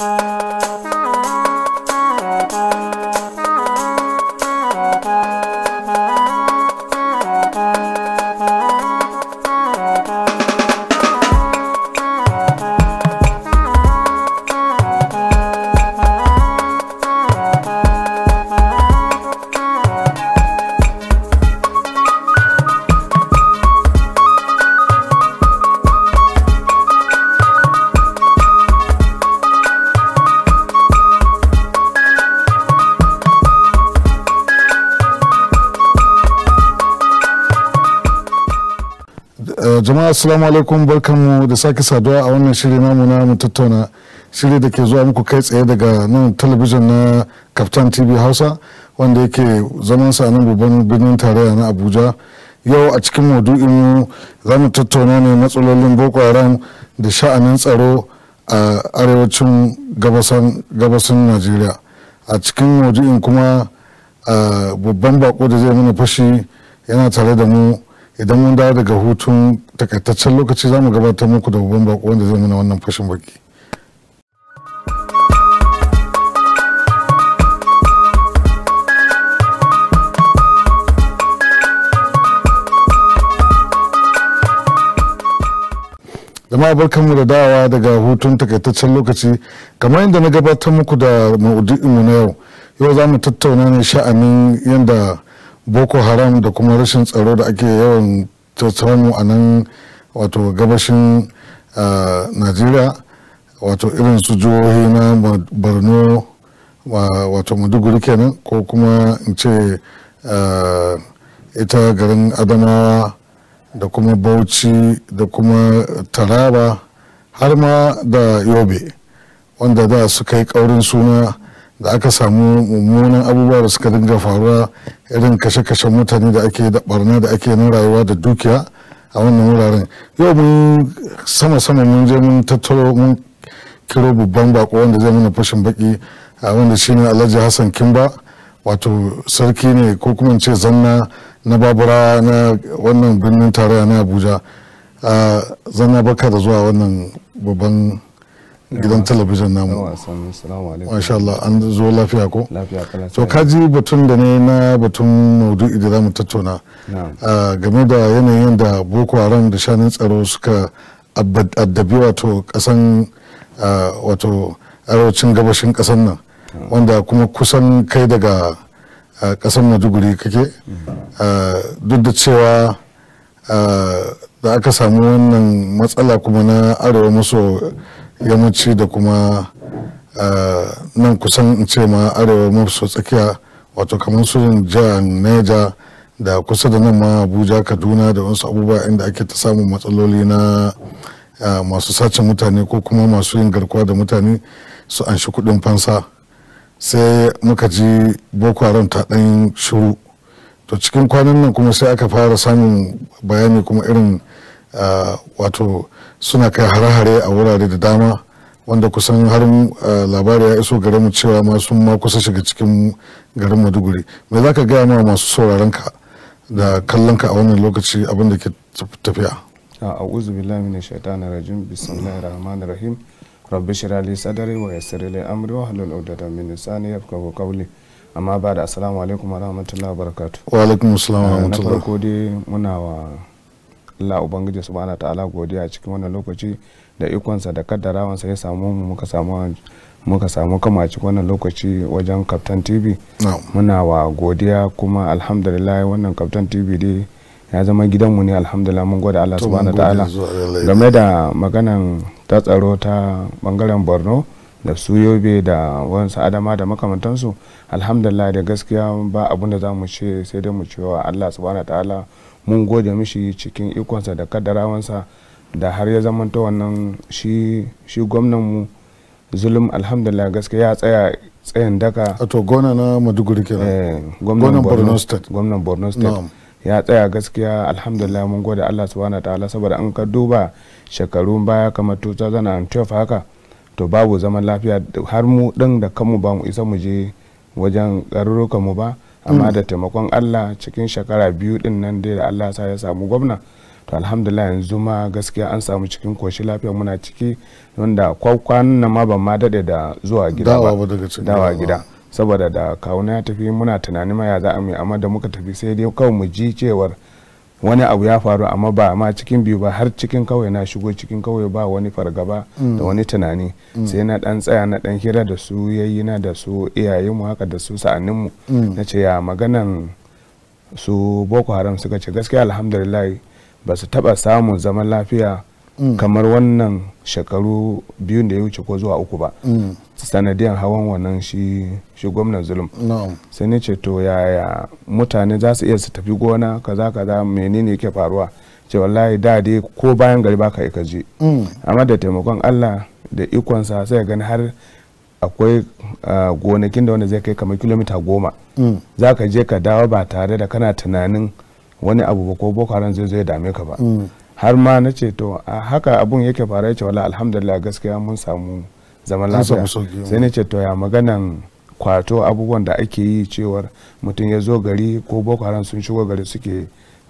Música ah. jama'a assalamu alaikum barkanmu da sake saduwa a wannan shiri namu na mu tattauna shiri da ke zuwa muku kai tsaye daga nan talabijin na kaftan tv hausa wanda yake zaman sa nan babban birnin tarayya na abuja yau a cikin maudu'in za mu tattauna ne matsalolin boko haram da sha'anin tsaro a arewacin gabasan najeriya a cikin maudu'in kuma babban bako da zai mana fashi yana tare da mu idan mun dawo daga hutun takaitaccen lokaci za mu gabatar muku da babban bako wanda zai muna wannan fashin baki jama'a mu da dawa daga hutun takaitaccen lokaci kamar yadda na gabatar muku da mu na yau yau za mu tattauna ne sha'anin yadda boko haram da kuma rashin tsaro da ake yawan samu a nan wato gabashin najeriya wato irin su jihohi na borno wato maduguri kenan ko kuma in ce ita garin adamawa da kuma bauchi da kuma taraba har ma da yobe wanda da suka yi kaurin suna da aka samu mummunan abubuwa da suka dinga faruwa irin kashe-kashen mutane da ake da barna da ake na rayuwa da dukiya a wannan wuraren yau mun sama-sama mun je mun tattaro mun kiro babban bako wanda zai mana fashin baki a wanda shine alhaji hassan kimba wato sarki ne ko kuma ce zanna na babura na wannan birnin tarayya na abuja zanna baka da zuwa wannan babban gidan talabijin namu masha Allah an zo lafiya ko to kaji batun da ne na batun maudu da zamu tattauna ah, game da yanayin da boko haram da shanin tsaro suka addabi wato kasan ah, wato arewacin gabashin kasan nan wanda kuma kusan kai daga kasan ah, maduguri kake mm-hmm. duk da cewa da aka samu wannan matsala kuma na arewa maso yammaci da kuma nan kusan in ce ma arewa maso tsakiya wato kamar su jihar neja da kusa da nan ma abuja kaduna da wasu abubuwa inda ake ta samun matsaloli na masu sace mutane ko kuma masu yin garkuwa da mutane su anshi kudin fansa sai muka ji boko haram ta ɗan shiru to cikin kwanan nan kuma sai aka fara samun bayani kuma irin wato suna kai hare-hare a wurare da dama wanda kusan har labari ya iso garinmu cewa masu ma kusa shiga cikin garin maduguri me za ka gaya nawa masu sauraron ka da kallon ka a wannan lokaci abin da ke tafiya a'udhu billahi minash shaitani rajim bismillahir rahmanir rahim rabbi shrah li sadri wa yassir li amri wa hlul 'uqdatam min lisani yafqahu qawli amma ba da assalamu alaikum wa rahmatullahi wa barakatuh wa alaikum assalam wa rahmatullahi eh, na farko dai muna wa Allah ubangiji subhanahu ta'ala godiya cikin wannan lokaci da ikonsa da kaddarawansa ya samu mu muka samu muka samu kama cikin wannan lokaci wajen Captain TV muna wa godiya kuma alhamdulillah wannan Captain TV dai ya zama gidanmu ne alhamdulillah mun gode Allah subhanahu ta'ala game da maganan ta tsaro ta bangaren Borno da su yobe da wasu adama da makamantansu alhamdulillah da gaskiya ba abunda za mu ce sai dai mu cewa allah subhanahu ta'ala mun gode mishi cikin ikonsa da kadarawansa da har ya zamanta wannan shi gwamnanmu zulum alhamdulillah gaskiya ya tsaya tsayin daka a to gona na maduguri ke eh, gwamnan borno state gwamnan borno state ya tsaya gaskiya alhamdulillah mun gode allah subhanahu wa ta'ala saboda an ka duba shekaru baya kamar 2012 haka to babu zaman lafiya har mu din da kanmu ba mu isa mu je wajen garurukan mu ba amma mm. da taimakon allah cikin shekara biyu din nan dai da allah sa ya samu gwamna to alhamdulillah yanzu ma gaskiya an samu cikin koshi lafiya muna ciki wanda kwakwanan nan ma ban ma dade da zuwa gida ba dawa gida saboda da kawuna ya tafi muna tunanin ma ya za a mai amma da muka tafi sai dai kawai mu ji cewar wani abu ya faru amma ba ma cikin biyu ba har cikin kawai na shigo cikin kawai ba wani fargaba mm. da wani tunani mm. sai na dan tsaya na dan hira da su na da su iyayenmu haka da su mu. Mm. na ce ya maganan su boko haram suka ce gaskiya alhamdulillah ba su taba samun zaman lafiya kamar wannan shekaru biyu da ya wuce ko zuwa uku ba sanadiyar hawan wannan shi shi gwamnan zulum sai ni ce to yaya mutane za su iya su tafi gona kaza kaza menene yake faruwa ce wallahi da dai ko bayan gari baka ka je mm. amma da taimakon Allah da ikonsa sai gani har akwai gonakin da wanda zai kai kamar kilomita goma mm. za ka je ka dawo ba tare da kana tunanin wani abu ba ko boko haram zai zo ya dame ka ba mm. har ma na ce to haka abun yake faru ya ce wala alhamdulillah gaskiya mun samu zaman lafiya sai ne ce to ya maganan kwato abubuwan da ake yi cewar mutum ya zo gari ko boko haram sun shigo gari suke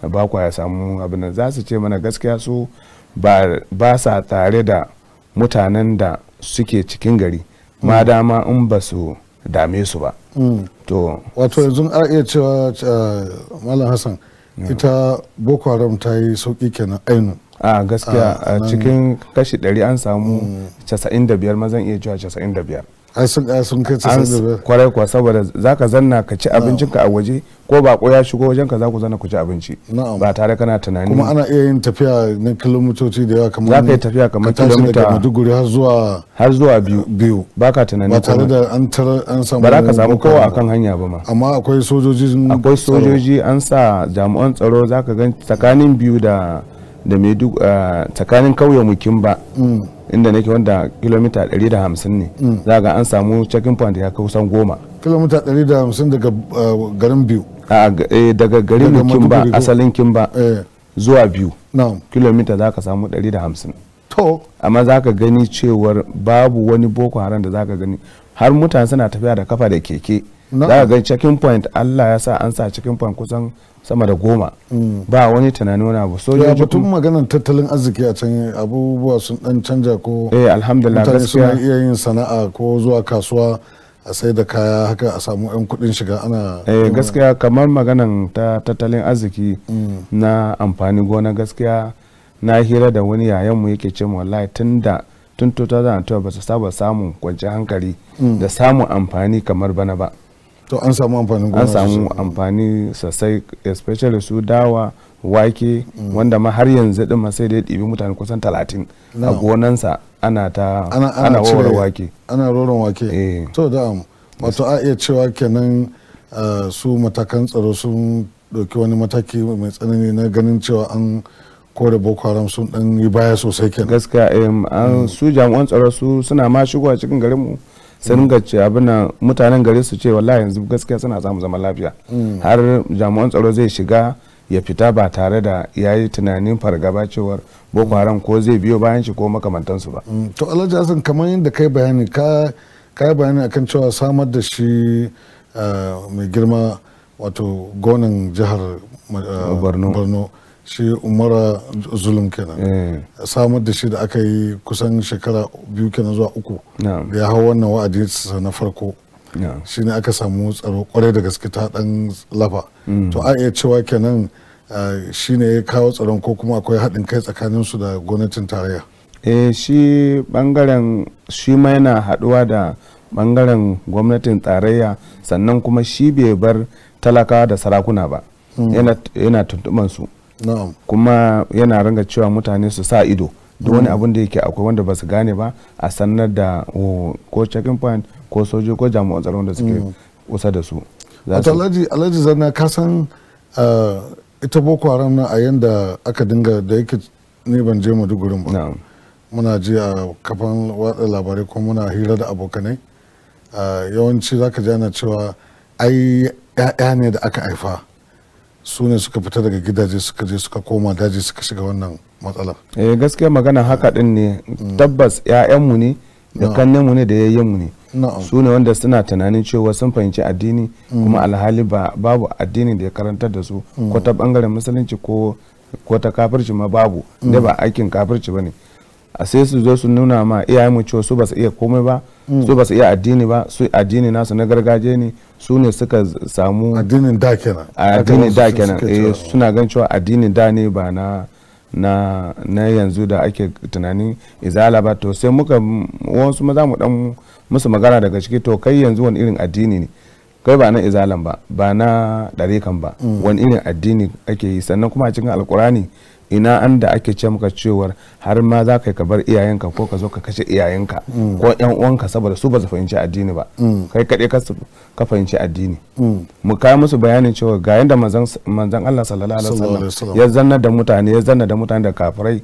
bakwa ya samu abin za su ce mana gaskiya su ba sa tare da mutanen da suke cikin gari ma mm. dama in ba su dame su ba mm. to wato yanzu a iya cewa eh, malam hassan ita boko haram ta yi sauki kenan ainu a gaskiya ah, a cikin kashi 100 an samu 95 mazan iya cewa 95 sun kai 95 kwarai kuwa saboda zaka zanna ka ci abincinka a waje ko bako ya shigo wajen ka za ku zanna ku ci abinci ba tare kana tunani kuma ana iya yin tafiya na kilomitoci da yawa kamar za ka yi tafiya kamar kilomita Maiduguri har zuwa har zuwa biyu baka tunani ba tare da an an samu ba za ka samu kowa akan hanya ba ma amma akwai sojoji akwai sojoji an sa jami'an tsaro za ka gan tsakanin biyu da da maiduguri tsakanin kauyen mukimba mm. inda nake wanda kilomita 150 ne mm. za ga an samu checking point ya kusan goma kilomita 150 eh, daga garin biyu daga garin ba asalin kimba eh. zuwa biyu kilomita za ka samu 150 to amma za ka gani cewar babu wani boko haram da za ka gani har mutane suna tafiya da kafa da keke za ka gani checking point allah ya sa an sa checking point kusan sama da goma mm. ba wani tunani wani abu ya batun maganar tattalin arziki a can abubuwa sun dan canja ko eh alhamdulillah gaskiya suna iya yin sana'a ko zuwa kasuwa a sai da kaya haka a samu yan kudin shiga ana eh gaskiya kamar maganan ta tattalin arziki mm. na amfani gona gaskiya na hira da wani yayan mu yake ce wallahi tunda tun 2012 ba su saba samun kwanci hankali mm. da samun amfani kamar bana ba to an samu amfanin gona an samu amfani sosai especially su dawa wake mm. wanda ma har yanzu din ma sai da ya ɗibi mutane kusan talatin no. a gonansa ana ta ana, ana, ana roron wake ana roron wake eh. to da wato a iya cewa kenan uh, su matakan tsaro sun ɗauki wani mataki mai tsanani na ganin cewa an kore boko haram sun dan yi baya sosai kenan gaskiya eh, an mm. su jami'an tsaro su suna ma shigowa cikin garinmu mu sai ringa ce abin mutanen gari su ce wallahi yanzu gaskiya suna samu zaman lafiya mm. har jami'an tsaro zai shiga ya fita ba tare da ya yi tunanin fargaba cewar boko haram ko zai biyo bayan shi ko makamantansu ba mm. to alhaji hassan kamar yadda kai bayani ka yi bayani akan cewa samar da shi eh, mai girma wato gonan jihar eh, borno shi umara zulum kenan mm. samar da shi da aka yi kusan shekara biyu kenan zuwa uku da ya hau wannan wa'adi na farko shi ne aka samu tsaro kwarai da gaske ta dan lafa mm. to a iya cewa kenan shi ne ya kawo tsaron ko kuma akwai haɗin kai tsakanin su da gwamnatin tarayya eh shi bangaren shi ma yana haɗuwa da bangaren gwamnatin tarayya sannan kuma shi bai bar talakawa da sarakuna ba mm. yana tuntuman su na'am kuma yana ranga cewa mutane su sa ido duk wani mm. abin da yake akwai wanda ba su gane ba a sanar da ko checking point ko soji ko jami'an tsaron da suke mm. kusa da su alhaji zanna ka san ah, ita boko haram na a yanda aka dinga da yake ne ban je gurin ba muna ji a kafan watsa labarai ko muna hira da abokanai ah, yawanci zaka ji ana cewa ai 'ya'ya ne da aka haifa su ne suka fita daga gidaje suka je suka koma daji suka shiga wannan matsalar eh gaskiya magana haka din ne mm. tabbas mu ne da kannenmu ne da yayyenmu ne su ne wanda suna tunanin cewa sun fahimci addini mm. kuma alhali babu addini da ya karantar da su mm. ko ta bangaren musulunci ko ko ta kafirci ma babu da ba aikin kafirci ba ne a sai su zo su nuna ma mu cewa su ba su iya komai ba mm. su ba su iya addini ba su addini nasu na gargajiya ne su ne suka samu addinin da kenan addinin da kenan eh, suna gan cewa addinin da ne ba na na na yanzu da ake tunanin izala ba to sai muka wasu maza mu dan musu magana daga ciki to kai yanzu wani irin addini ne kai ba na izalan ba ba na kan ba mm. wani irin addini ake yi sannan kuma a cikin alkurani ina an da ake ce maka cewar har ma za ka bar iyayenka ko ka zo ka kashe iyayenka mm. ko yan uwanka saboda su ba su fahimci addini ba mm. kai kaɗai ka fahimci addini mm. mu kai musu bayanin cewa ga yanda manzon Allah sallallahu alaihi wasallam ya zanna da mutane ya zanna da mutane da kafirai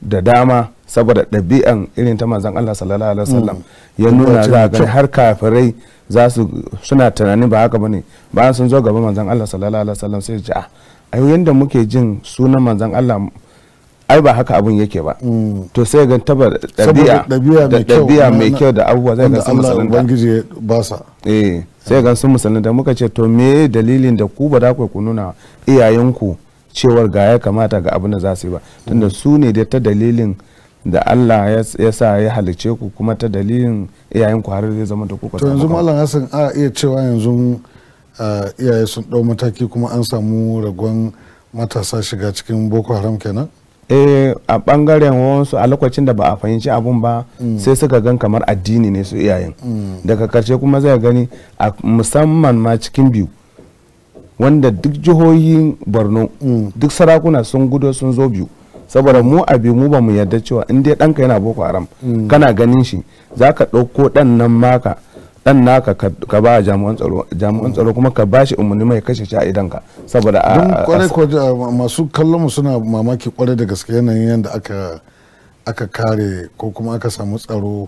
da dama saboda ɗabi'an irin ta manzon Allah sallallahu alaihi wasallam ya nuna za ga har kafirai za su suna tunanin ba haka bane bayan sun zo gaba manzon Allah sallallahu alaihi wasallam sai ji ah ai yanda muke jin sunan manzon Allah ai ba haka abun yake ba mm. to sai ga tabar ɗabi'a mai kyau da abubuwa zai ga sun musulunta ubangiji ba sa eh sai ga sun musulunta muka ce to me dalilin da ku ba za ku nuna iyayenku cewar ga ya kamata ga abin da za su yi ba tunda su ne da ta dalilin da Allah ya sa ya halice ku kuma ta dalilin iyayenku har zai zama da kuka to yanzu malam Hassan a iya cewa yanzu Eh, iyaye sun ɗau mataki kuma an samu ragon matasa shiga cikin boko haram kenan eh a bangaren wasu a lokacin da ba a fahimci abun ba mm. sai suka gan kamar addini ne su iyayen mm. daga karshe kuma zai gani a musamman ma cikin biyu wanda duk jihohin borno mm. duk sarakuna sun gudo sun zo biyu saboda mu a biyu mu ba mu yarda cewa in dai danka yana boko haram kana ganin shi za ka ɗauko ɗan nan maka dan naka ka ba jami'an tsaro jami'an tsaro kuma ka bashi umarni mai kashe shi a idan ka saboda a don kwarai masu kallon mu suna mamaki kwarai da gaske yanayin yadda aka aka kare ko kuma aka samu tsaro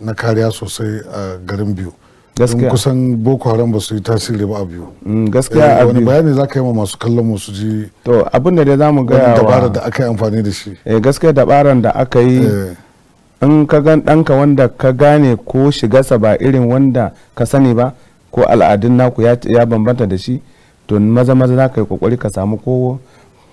na kariya sosai a garin biyu gaskiya kusan boko haram ba su yi tasiri ba a biyu mm, gaskiya a eh, wani bayani za ka yi ma masu kallon mu su ji to abin da dai za mu gaya wa dabarar da aka yi amfani da shi eh gaskiya dabarar da aka yi eh. in ka gan ɗanka wanda ka gane ko shigarsa ba irin wanda ka sani ba ko al'adun naku ya bambanta da shi to maza maza za ka yi kokari ka samu ko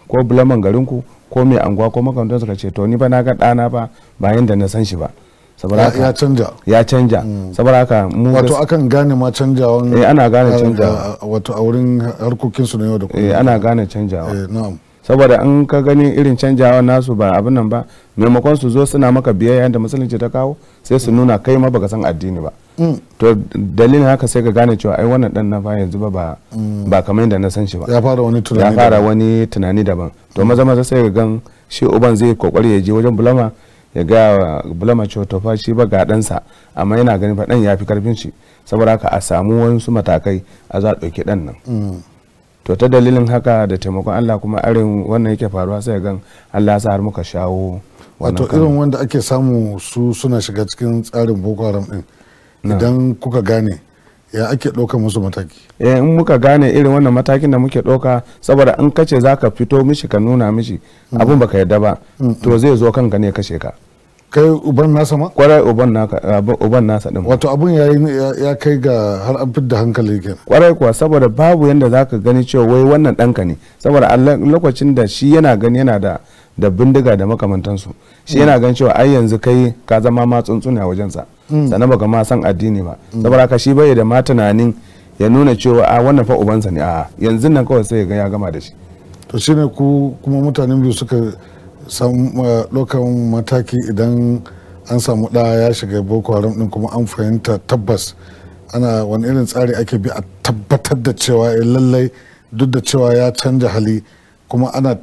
ko bulaman garinku ko mai anguwa ko makamantansu suka ce to ni ba na ga ɗana ba bayan da na san shi ba saboda ya canja ya canja mm. saboda haka mu wato akan gane ma canjawa. eh ana gane canjawa wato a wurin harkokin su na yau da kullum eh ana gane canjawa eh na'am saboda an ka gani irin canjawa nasu ba abin nan ba maimakon su zo suna maka biyayya da musulunci ta kawo sai su nuna kai ma baka san addini ba mm. to dalilin haka sai ka gane cewa ai wannan dan na fa yanzu ba mm. ba kamar yadda na san shi ba ya fara wani tunani ya fara wani tunani daban to maza maza sai ka gan shi uban zai kokari ya je wajen bulama ya ga bulama cewa to fa shi ba ga ɗansa amma yana ganin fa dan ya fi karfin shi saboda haka a samu wasu matakai a za a ɗauki ɗan nan mm. to ta dalilin haka da taimakon Allah kuma arin wannan yake faruwa sai gan Allah sa har muka shawo wato irin wanda ake samu su suna shiga cikin tsarin boko haram din idan kuka gane ya ake ɗauka musu mataki eh in muka gane irin wannan matakin da muke ɗauka saboda in kace zaka fito mishi ka nuna mishi mm. abun baka yarda ba mm, to mm. zai zo kanka ne kashe ka kai uban nasa ma kwarai uban naka ah, uban nasa din wato abun ya kai ga har an fidda hankali kwarai kuwa saboda babu yanda zaka gani cewa wai wannan danka ne saboda lokacin da shi yana gani yana da da bindiga da makamantansu shi yana gan cewa ai yanzu kai ka zama ma tsuntsuni a sa mm. sannan baka ma san addini ba saboda haka shi bai da ma tunanin ya nuna cewa a ah, wannan fa ubansa ne a yanzu nan kawai sai ya gama da shi to shine ku kuma mutanen biyu suka ɗaukan mataki idan an samu ɗa ya shiga boko haram ɗin kuma an fahimta tabbas ana wani irin tsari ake bi a tabbatar da cewa ya eh, lallai duk da cewa ya canja hali kuma ana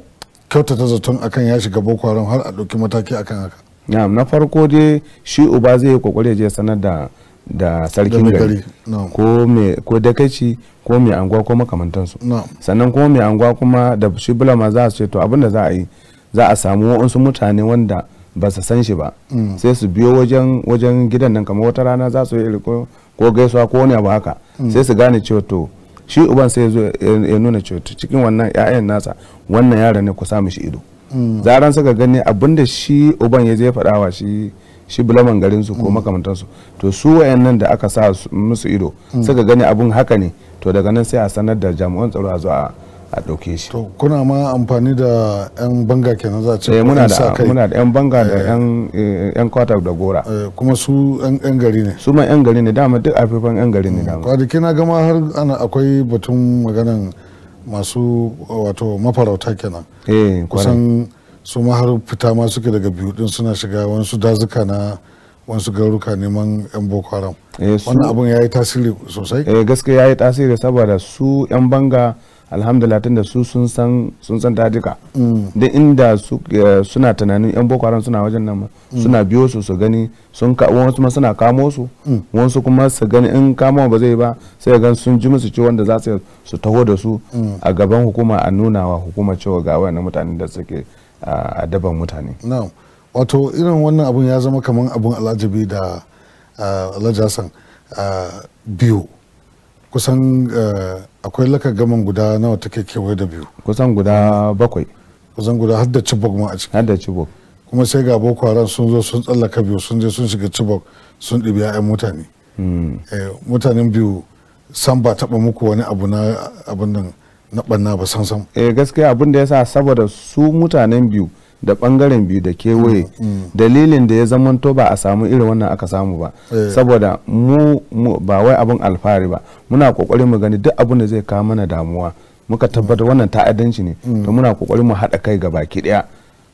kyautata zaton akan ya shiga boko haram har a ɗauki mataki akan haka na farko dai shi uba zai yi je sanar da da sarkin gari ko me ko dakaci ko mai anguwa ko makamantansu sannan ko mai anguwa kuma da shi bulama za su ce to abin da za a yi za a samu waɗansu mutane wanda ba su san shi ba mm. sai su biyo wajen wajen gidan nan kamar wata rana za su yi ko gaisuwa ko wani abu haka mm. sai su gane cewa to shi uban sai ya nuna cewa cikin wannan 'ya'yan nasa wannan yaron ne ku sa mishi ido mm. zaran suka gani abinda shi uban ya je faɗawa shi shi bulaman garin su ko su. to su wayannan da aka sa musu ido suka gani abun haka ne to daga nan sai a sanar da jami'an tsaro a zo a a ɗauke shi to kuna ma amfani da yan banga kenan za a ce eh, muna da muna da yan banga da yan eh. yan eh, kwata da gora kuma su yan yan gari ne su ma yan gari ne dama duk afifan yan gari ne hmm, dama kwanaki na gama har ana akwai batun maganan masu wato mafarauta kenan eh kusan su ma har fita ma suke daga biyu din suna shiga wasu dazuka na wasu garuka neman yan boko haram wannan abin ya yi tasiri sosai eh gaskiya ya yi tasiri saboda su yan banga alhamdulillah tunda su sun san sun san duka. Mm. da inda su eh, suna tunanin yan boko haram suna wajen nan ma mm. suna biyo su su gani sun ka wasu ma suna kamo su mm. wasu kuma su gani in kamo ba zai ba sai gan sun ji musu ce wanda za su su taho da su a gaban hukuma a nuna wa hukuma cewa ga wayannan mutanen da suke a daban mutane wato irin wannan abun ya zama kaman abun alajabi da alajasan hassan biyu kusan eh, akwai laka gaman guda nawa take kewaye da biyu kusan guda bakwai kusan guda har da chibok ma a ciki har da chibok kuma sai ga boko haram sun zo sun tsallaka biyu sun je sun shiga chibok sun ɗibi 'ya'yan mutane hmm. eh, mutanen biyu san ba taɓa muku wani abu na abun nan na ɓanna ba san san eh gaskiya abin da ya sa saboda su mutanen biyu da bangaren biyu da kewaye mm. dalilin da ya zamanto ba a samu irin wannan aka samu ba eh. saboda mu ba wai abin alfahari ba muna kokarin mu gani duk abin da zai kawo mana damuwa muka tabbatar wannan ta'addanci ne mm. to muna kokarin mu haɗa kai ga baki ɗaya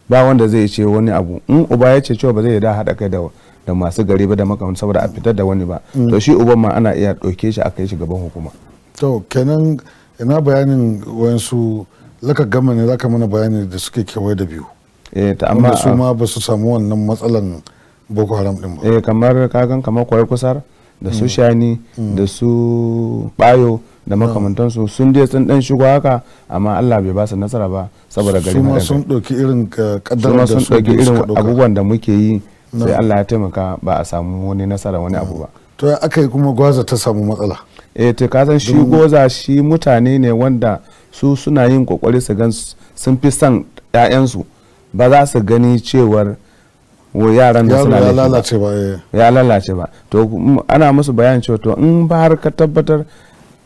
ba wanda zai ce wani abu in uba ya ce cewa ba zai da haɗa kai da da masu gari ba da wani. saboda a fitar da wani ba mm. to shi uban ma ana iya ɗauke shi a kai shi gaban hukuma to kenan ina bayanin wayansu laka gama ne zaka mana bayani da suke kewaye da biyu Eh, amma su ma ba su samu wannan matsalan boko haram din ba eh, kamar kagan kamar kwar kusar da su mm. shani mm. da su bayo da mm. makamantansu sun je sun dan shigo haka amma Allah bai ba su nasara ba saboda gari na sun ɗauki irin kaddar da sun ɗauki irin abubuwan da muke yi sai Allah ya taimaka ba a samu wani nasara wani abu ba to ya aka yi kuma gwaza ta samu matsala eh to ka san shi goza shi mutane ne wanda su suna yin kokari su gan sun fi son ƴaƴansu ba za su gani cewar yaran da suna lalace ba eh. ya lalace ba to ana musu bayan cewa to in ba har ka tabbatar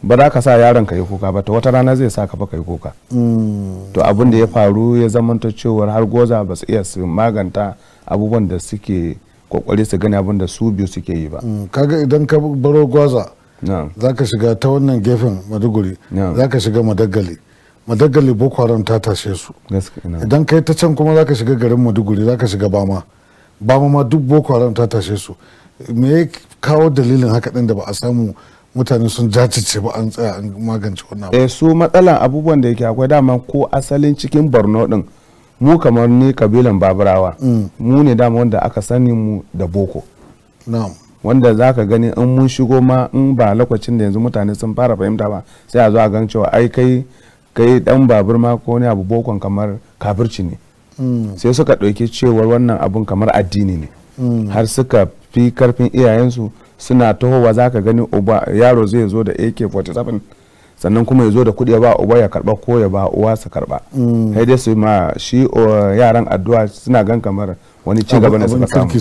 ba za ka sa yaron ka yi kuka ba to wata rana zai sa ka ka yi kuka hmm. to abin da ya faru ya zamanta cewar har goza ba su iya su maganta abubuwan da suke kokari su gani abin da su biyu suke yi ba hmm, kaga idan ka baro goza za ka shiga ta wannan gefen maduguri za ka shiga madagali madagali boko haram ta tashe su idan kai ta can kuma zaka shiga garin maduguri zaka shiga bama bama ma duk boko haram ta tashe su me ya kawo dalilin haka din da ba a samu mutane sun jajirce ba an tsaya an magance wannan eh su matsalan abubuwan da yake akwai dama ko asalin cikin borno din mu kamar ni kabilan baburawa mm. mu ne dama wanda aka sani mu da boko na'am wanda za ka gani in mun shigo ma in ba lokacin da yanzu mutane sun fara fahimta ba sai a zo a gan cewa ai kai kai dan babur ma ko ne abu bokon kamar kafirci ne mm. sai suka ɗauki cewar wannan abun kamar addini ne mm. har suka fi karfin iyayensu suna tahowa za ka gani uba yaro zai zo da ak-47 sannan kuma ya zo da kuɗi ya ba uba ya karba ko ya ba uwa su karba mm. sai su ma shi yaran addu'a suna gan kamar wani ci gaba na suka samu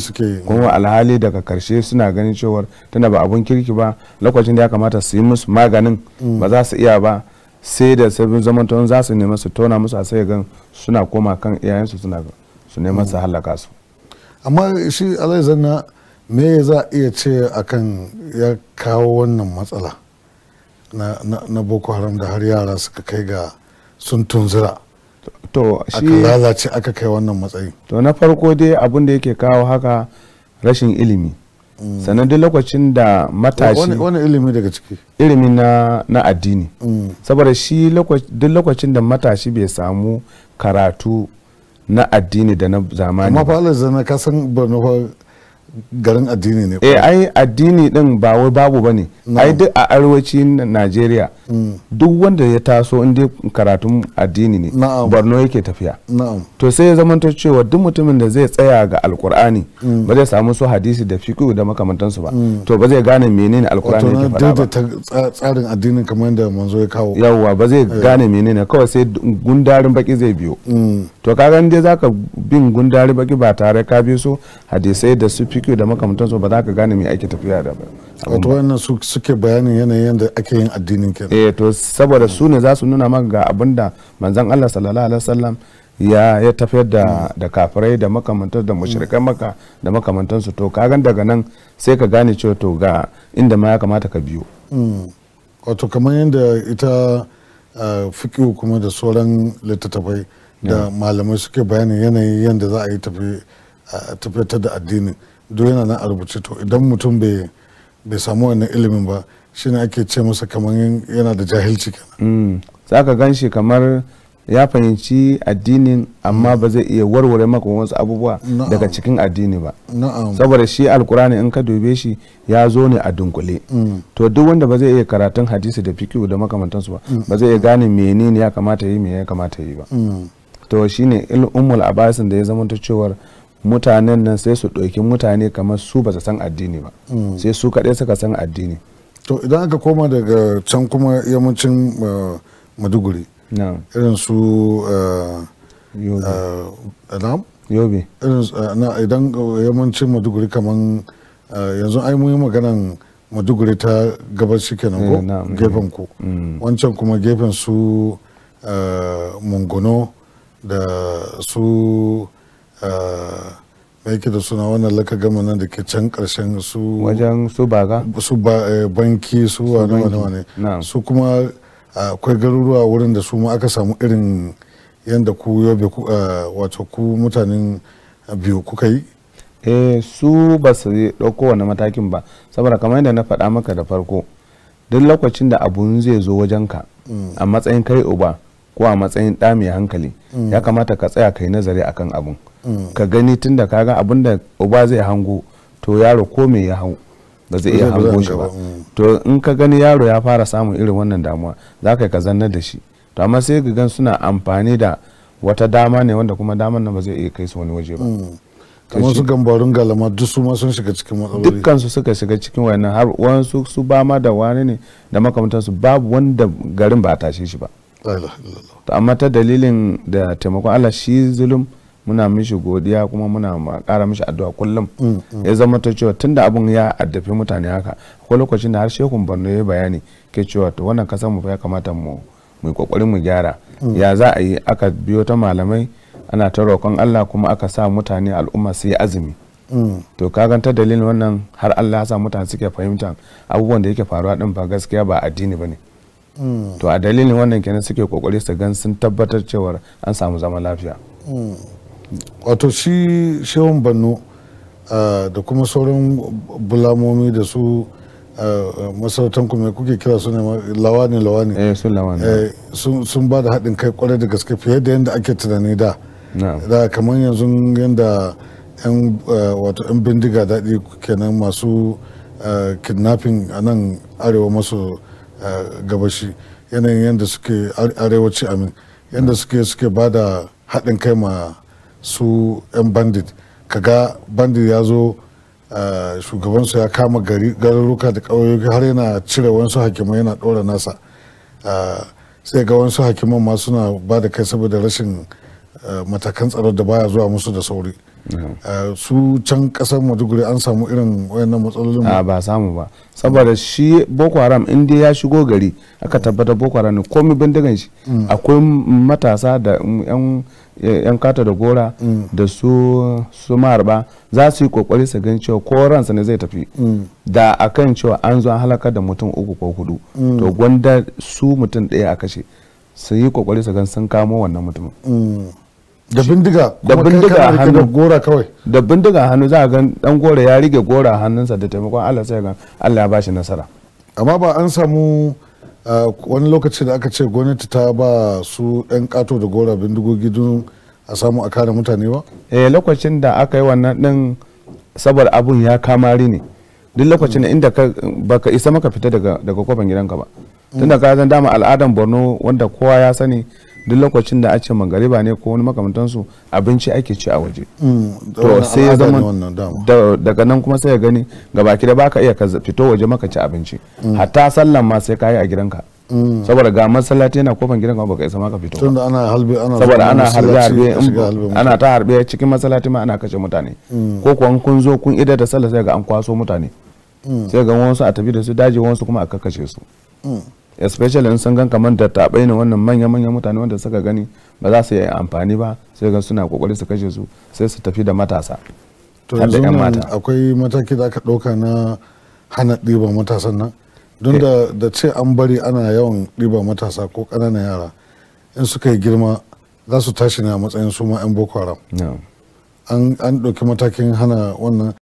kuma alhali daga karshe suna ganin cewar tana ba abun kirki ba lokacin da ya kamata su yi musu maganin ba za su iya ba sai da sabbin zamantan za su nema su tona musu a sai gan suna koma kan iyayensu suna su nema su halaka su amma shi alai zanna me za a iya ce akan ya kawo wannan matsala na boko haram da har yara suka kai ga sun tunzura to shi aka lalace aka kai wannan matsayi to na farko dai abin da yake kawo haka rashin ilimi sannan duk lokacin da matashi wani ilimi daga ciki ilimi na, na addini mm. saboda shi duk lokacin da matashi bai samu karatu na addini da na zamani amma fa Allah zana kasan ba garin addini ne eh ai addini din ba wai babu bane ai duk a arewacin Najeriya mm. duk wanda ya taso inda karatun addini ne Borno yake tafiya to sai ya zamanta cewa duk mutumin da zai tsaya ga alkur'ani mm. ba zai samu su hadisi da fiqh da makamantansu ba mm. to ba zai gane menene alkur'ani yake faɗa ba ta tsarin addinin kamar yadda manzo ya kawo yawwa ba zai eh. gane menene kawai sai gundarin baki zai biyo to kaga dai zaka bin gundari baki ba tare ka bi su hadisai da su fiqh da makamantansu ba za ka gane mai ake tafiya da ba wato wannan su suke bayanin yanayin yadda ake yin addinin kenan eh to saboda su ne za su nuna maka ga abinda manzon Allah sallallahu alaihi wasallam ya ya tafiyar da da kafirai da makamantar da mushrikai maka da makamantansu to kagan daga nan sai ka gane cewa to ga inda ma ya kamata ka biyo hmm. wato kamar yadda ita ah, fikihu kuma da sauran littattafai da malamai suke bayanin yanayin yadda za a yi tafiyatar da addini duk yana nan a rubuce to idan mutum bai samu wannan ilimin ba shi ne ake ce masa kamar yana da jahilci kenan mm. za ka gan shi kamar ya fahimci addinin amma ba zai iya warware maka wasu abubuwa daga cikin addini ba saboda shi alkurani in ka dube shi ya zo ne a dunkule mm. to duk wanda ba zai iya karatun hadisi da fikihu da makamantansu ba mm. ba zai iya gane menene ya kamata yi me ya kamata yi ba to shine ummul abasin da ya zama ta cewar mutanen nan sai su ɗauki mutane kamar su ba su san addini ba mm. sai su kaɗai suka san addini to idan aka koma daga can kuma yammacin uh, maduguri irin su uh, yobe uh, idan yammacin maduguri kamar yanzu ai mun yi maganan maduguri ta gabashi kenan ko eh, gefen ku mm. wancan kuma gefen su mungono da su eh, mai da suna wannan laka gama nan da ke can karshen su wajen su baga su eh, banki su wani wani wani su kuma eh, akwai garuruwa wurin da su ma aka samu irin yadda ku yobe wato ku mutanen biyu kuka yi eh su ba su ɗauko wani matakin ba saboda kamar yadda na faɗa maka da farko duk lokacin da abun zai zo wajenka mm. a matsayin kai uba ko a matsayin ɗa mai hankali mm. ya kamata ka tsaya ka yi nazari a kan abun mm. ka gani tun ka ga abin da uba zai hango to yaro ko me ya hau ba zai iya hango shi ba to in ka gani yaro ya fara samun irin wannan damuwa za ka yi ka zanna da shi to amma sai ga gan suna amfani da wata dama ne wanda kuma daman nan ba zai iya kai su wani waje ba mm. kamar su gambarun galama duk su ma sun shiga cikin matsaloli dukkan su suka shiga cikin wani har wani su ba ma da wani ne da makamantansu babu wanda garin ba a tashe shi ba to amma ta dalilin da taimakon Allah shi zulum muna mishi godiya kuma muna kara mishi addu'a kullum mm, mm. ya zama ta cewa tunda abun ya addafi mutane haka ko lokacin da har shekun Borno ya bayani ke cewa to wannan kasar mu ya kamata mu mu kokari mu gyara mm. ya za a yi aka biyo ta malamai ana ta roƙon Allah kuma aka sa mutane al'umma su yi azumi to ka ta dalilin wannan har Allah ya sa mutane suke fahimta abubuwan da yake faruwa din ba gaskiya ba addini bane to a dalilin wannan kenan suke kokari su gan sun tabbatar cewar an samu zaman lafiya wato shi shehun banno eh, da kuma sauran bulamomi da su eh, ku kuma kuke kira su ne lawani lawani eh, lawani sun ba da haɗin kai kwarai da gaske fiye da yadda ake tunani da da kamar yanzu yadda yan wato yan bindiga daɗi kenan masu kidnapping a nan arewa maso gabashi yanayin yadda suke arewaci amin yadda suke suke ba da haɗin kai ma su 'yan bandit kaga bandit ya zo shugabansu ya kama gari garuruka da ƙauyoyi har yana cire wasu hakimai yana ɗora nasa sai ga wasu hakiman ma suna ba da kai saboda rashin matakan tsaro da baya zuwa musu da sauri Eh, su can kasar maiduguri an samu irin wayannan matsalolin ah, a ba samu ba saboda shi boko haram in dai ya shigo gari aka tabbata boko haram ne komai bindigan shi mm. akwai matasa da yan yan kata da gora mm. da su su marba za su yi kokari su gan cewa ko ransa ne zai tafi mm. da akan cewa an zo an halaka da mutum uku ko hudu to gwanda su mutum ɗaya a kashe su yi kokari su gan sun kamo wannan mutumin da bindiga da bindiga hannu gora kawai da bindiga hannu za a ga dan gora ya rige gora hannunsa da taimakon Allah sai ga Allah ya bashi nasara amma ba an samu wani lokaci da aka ce gwamnati ta ba su yan kato da gora bindigogi don a samu a kare mutane ba eh lokacin da aka yi wannan din sabar abun ya kamari ne duk lokacin inda inda baka isa maka fita daga daga kofar gidanka ba tunda ka zan dama al'adan Borno wanda kowa ya sani duk lokacin da a ce magariba ne ko wani makamantansu abinci ake ci a waje hmm, to sai ya zama daga nan kuma sai ya gani gabaki da baka iya fito waje maka ci abinci hmm. hatta sallan ma sai kayi a gidanka hmm. saboda ga masallaci yana kofan gidanka baka isa maka fito tunda ana halbe ana saboda ana halbe harbe ana ta harbe cikin masallaci ma ana kashe mutane ko kuwa kun zo kun idar da sallah sai ga an kwaso mutane sai ga wasu a tafi da su daji wasu kuma a kakkashe su especially in sun gan kamar da taɓai ne wannan manya-manyan mutane wanda suka gani ba za su yi amfani ba sai ga suna kokari su kashe su sai su tafi da matasa har da akwai mataki da aka ɗauka na hana ɗiban matasan nan don da ce an bari ana yawan ɗiba matasa ko ƙananan yara in suka yi girma za su tashi ne a matsayin su ma 'yan boko haram an ɗauki matakin hana wannan